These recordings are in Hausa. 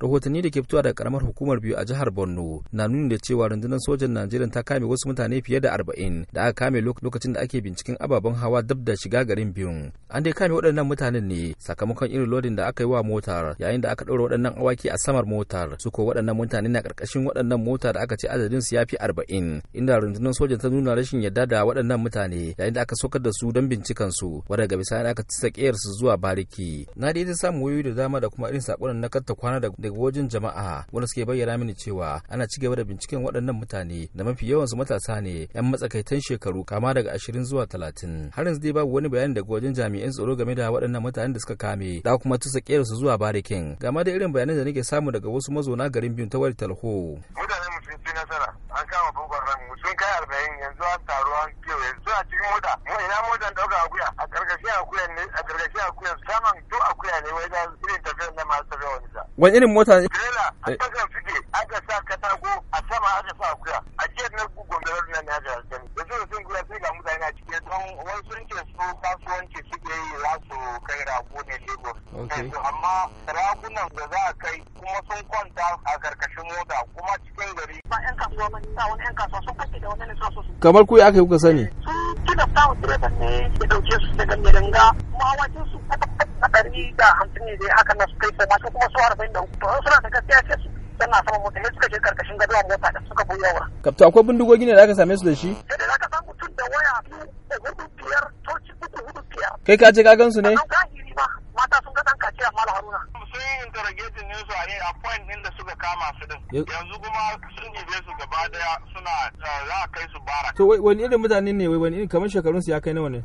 rahotanni da ke fitowa daga karamar hukumar biyu a jihar borno na nuni da cewa rundunar sojan najeriya ta kame wasu mutane fiye da arba'in da aka kame lokacin da ake binciken ababen hawa dab da shiga garin biyun an dai kame waɗannan mutanen ne sakamakon irin lodin da aka yi wa motar yayin da aka ɗaura waɗannan awaki a samar motar su ko waɗannan mutane na ƙarƙashin waɗannan mota da aka ce adadin su ya fi arba'in inda rundunar sojan ta nuna rashin yarda da waɗannan mutane yayin da aka sokar da su don bincikan su wanda ga bisani aka tsaƙiyar su zuwa bariki na dai ta samu wayoyi da dama da kuma irin saƙonan na kwana da daga wajen jama'a wanda suke bayyana mini cewa ana ci gaba da binciken waɗannan mutane da mafi yawansu matasa ne 'yan matsakaitan shekaru kama daga ashirin zuwa talatin har yanzu dai babu wani bayani daga wajen jami'an tsaro game da waɗannan mutanen da suka kame da kuma tusa kera su zuwa barikin game da irin bayanan da nake samu daga wasu mazauna garin biyun ta wari talho. mutanen sun an kama bukwan sun kai arba'in yanzu an taru an kewaye suna cikin mota mu ina motan ɗauka akuya wani irin mota ne trailer a kasan eh. suke aka sa katako a sama aka akuya a jiya na su sun sai ga mutane a don wani su kasuwanci suke kai rago ne lagos eh, ragunan da za a kai kuma sun kwanta a karkashin mota kuma cikin gari da ne su kamar ku ya aka yi kuka sani sun direba dauke su daga su ɗari da hamsin ne dai haka na su kai sai su kuma su arba'in da uku to suna da gaskiya ce su suna sama mota sai suka je karkashin gaduwa mota da suka buya wurin. Kafta akwai bindigogi ne da aka same su da shi? Sai eh, da za ka samu tun da waya biyu da hudu biyar toci uku hudu biyar. Kai ka ce ka gan su ne? A Zahiri ma mata sun ga ɗan a mala haruna. Sun yi interrogating ne su a ne a point ɗin da suka kama su din. Yanzu kuma sun jibe su gaba daya suna eh, za a kai su bara. To wani irin mutane ne wai wani irin kamar shekarunsu ya kai nawa ne?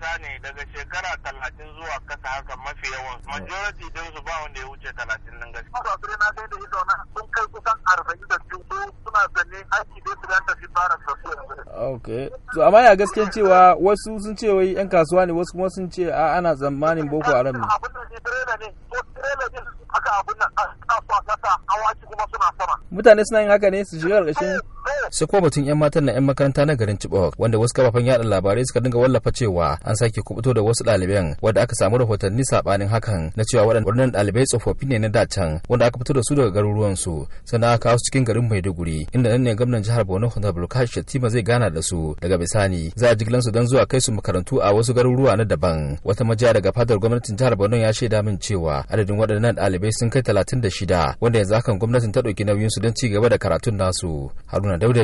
mata ne daga shekara talatin zuwa kasa haka mafi yawan majority din su ba wanda ya wuce talatin nan gaske. Masu asirin na sai da ido na sun kai kusan arba'in da biyu ko suna zanne aiki dai su ganta fi fara sosai. Ok. To amma ya gaske cewa wasu sun ce wai 'yan kasuwa ne wasu kuma sun ce a ana tsammanin Boko Haram ne. tirela ne tirela ne aka abin kuma suna sama. Mutane suna yin haka ne su shiga ƙarƙashin sai kuma batun yan matan na yan makaranta na garin Chibok wanda wasu kafafen yada labarai suka dinga wallafa cewa an sake kubuto da wasu ɗaliban wanda aka samu rahotanni sabanin hakan na cewa waɗannan ɗalibai tsofaffi ne na dacan wanda aka fito da su daga garuruwan su sannan aka kawo su cikin garin Maiduguri inda nan ne gwamnan jihar Borno Honorable Kashi Shatima zai gana da su daga bisani za a jigilan su don zuwa kai su makarantu a wasu garuruwa na daban wata majiya daga fadar gwamnatin jihar Borno ya shaida min cewa adadin waɗannan ɗalibai sun kai 36 wanda yanzu hakan gwamnatin ta ɗauki nauyin su don ci gaba da karatun nasu Haruna Dauda